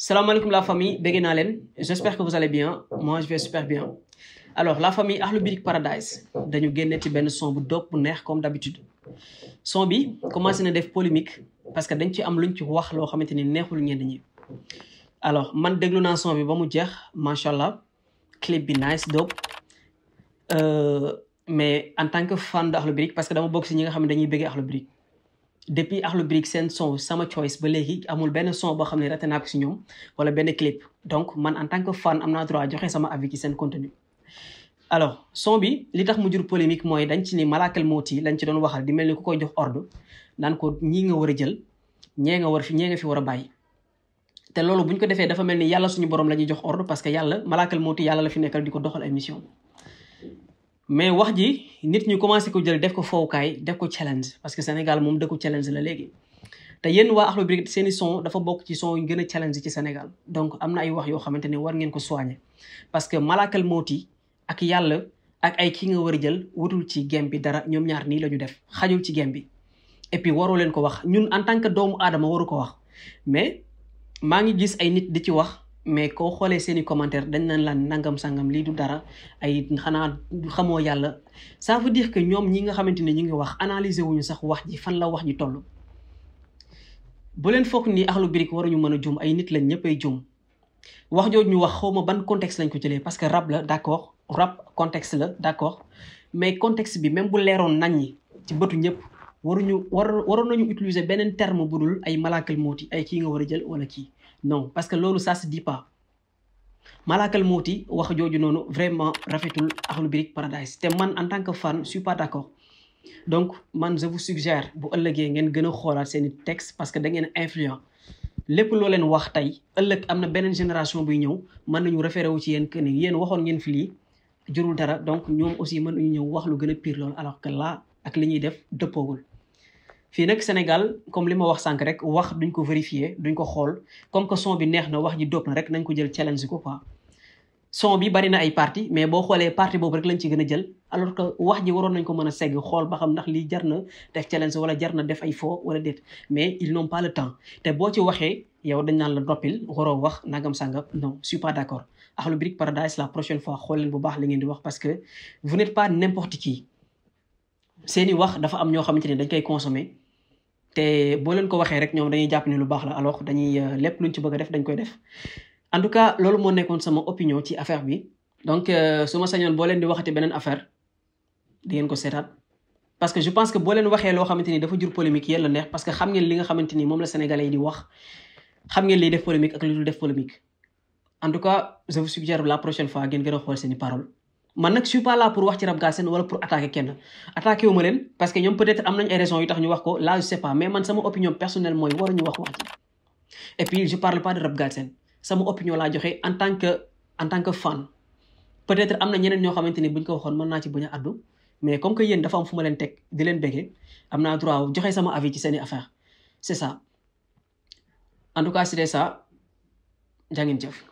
Salam alaikum la famille j'espère que vous allez bien moi je vais super bien. alors la famille Akhlou Paradise dañu génne Ben benn son bu comme d'habitude son bi commencé na être polémique parce que dañ ci am luñ ci wax loo xamante alors man déglu vous son bi ba mu jeex bien, clip nice dope euh, mais en tant que fan de parce que dans mon si ñi nga xam dañuy depuis Ahlu Brick sen son sama choice ba léegi amul ben son bo xamné raté nak ci ñom wala ben clip donc man en tant que fan amna droit joxé sama avis ci sen contenu alors son bi li tax mu jur polémique moy dañ ci ni malakal moti lañ ci doon waxal di melni ku koy jox ordre nan ko ñi nga wara jël ñe nga war fi ñe nga fi wara a té lolu buñ ko défé dafa melni yalla suñu borom lañu jox ordre parce que yalla malakal moti yalla la fi nekkal di doxal émission mais wax ji nit ñu commencé ko jël def ko fowukaay def ko challenge parce que Sénégal moom dëkku challenge la léegi te yéen waa Akhlou Brick seeni son dafa bokk ci son yu gën a challenge ci Sénégal donc am na ay wax yoo xamante ne war ngeen ko soigner parce que malaakal mooti ak yàlla ak ay ki nga war a jël wutul ci game bi dara ñoom ñaar nii la ñu def xajul ci game bi et puis waroo leen ko wax ñun en tant que doomu aadama waru ko wax mais maa ngi gis ay nit di ci wax mais koo xoolee seen i commentaire dañ naan laan nangam sangam lii du dara ay xanaa xamoo yàlla ça veut dire que ñoom ñi nga xamante ne ñu ngi wax analyser wuñu sax wax ji fan la wax ji toll. bu leen foog ni axlu birik waruñu mën a jum ay nit lañ ñëpp ay jum wax jooju ñu wax xawma ban contexte lañ ko jëlee parce que rap la d' accord rap contexte la d' accord mais contexte bi même bu leeroon nañ ñi ci bëtu ñëpp waruñu war waroon nañu utiliser beneen terme bu dul ay malaakal mooti ay kii nga war a jël wala kii non parce que loolu ça se dit pas Malakal moti wax joju noonu vraiment rafetul Akhlou Brick Paradise te man en tant que fan suis pas d'accord donc man je vous suggère bu ëllëgee ngeen gëna a xoolaat texte parce que da ngeen influent lépp loo leen wax tey ëllëg am na beneen génération buy ñëw mën nañu référé wu ci yéen que ni yéen waxoon ngeen fi lii jurul dara donc ñoom aussi mën nañu ñëw wax lu gën a pire loolu alors que là ak li ñuy def dëppoowul fii nag Sénégal comme li ma wax sànq rek wax duñ ko vérifier duñ ko xool comme que son bi neex na wax ji dóob na rek nañ ko jël challenge ko quoi. son bi bari na ay parti mais boo xoolee parti boobu rek lañ ci gën a jël alors que wax ji waroon nañ ko mën a segg xool ba xam ndax lii jar na def challenge wala jar na def ay faux wala déet mais ils n'ont pas le temps te boo ci waxee yow dañ naan la noppil waroo wax nagam sangam non je suis pas d'accord Akhlou Brick Paradise la prochaine fois xool leen bu baax li ngeen di wax parce que vous n'êtes pas n'importe qui seeni wax dafa am ñoo xamante ni dañ koy consommer te boo leen ko waxee rek ñoom dañuy jàpp ni lu baax la alors dañuy euh, lépp luñ ci bëgg a def dañ koy def en tout cas loolu moo nekkoon sama opinion ci affaire bi donc euh, su ma sañoon boo leen di waxati beneen affaire di ngeen ko seetaat parce que je pense que boo leen waxee loo xamante ni dafa jur polémique yéen la neex parce que xam ngeen li nga xamante ni moom la sénégalais yi di wax xam ngeen liy def polémique ak li dul def polémique en tout cas je vous suggère la prochaine fois ngeen gën a xool seeni parole man nag je suis pas là pour wax ci Rab Galsen wala pour attaquer kenn attaqué wu ma leen parce que ñoom peut-être am nañ ay raisons yu tax ñu wax ko là je sais pas mais man sama opinion personnelle mooy waruñu wax wax ji et puis je parle pas de Rab Galsen sama opinion laa joxe en tant que en tant que fan peut-être am na ñeneen ñoo xamante ni buñ ko waxoon mën naa ci bañ a addu mais comme que yéen dafa am fu ma leen teg di leen béggee am naa droit joxe sama avis ci seeni affaire c'est ça en tout cas c'est ça jaa jëf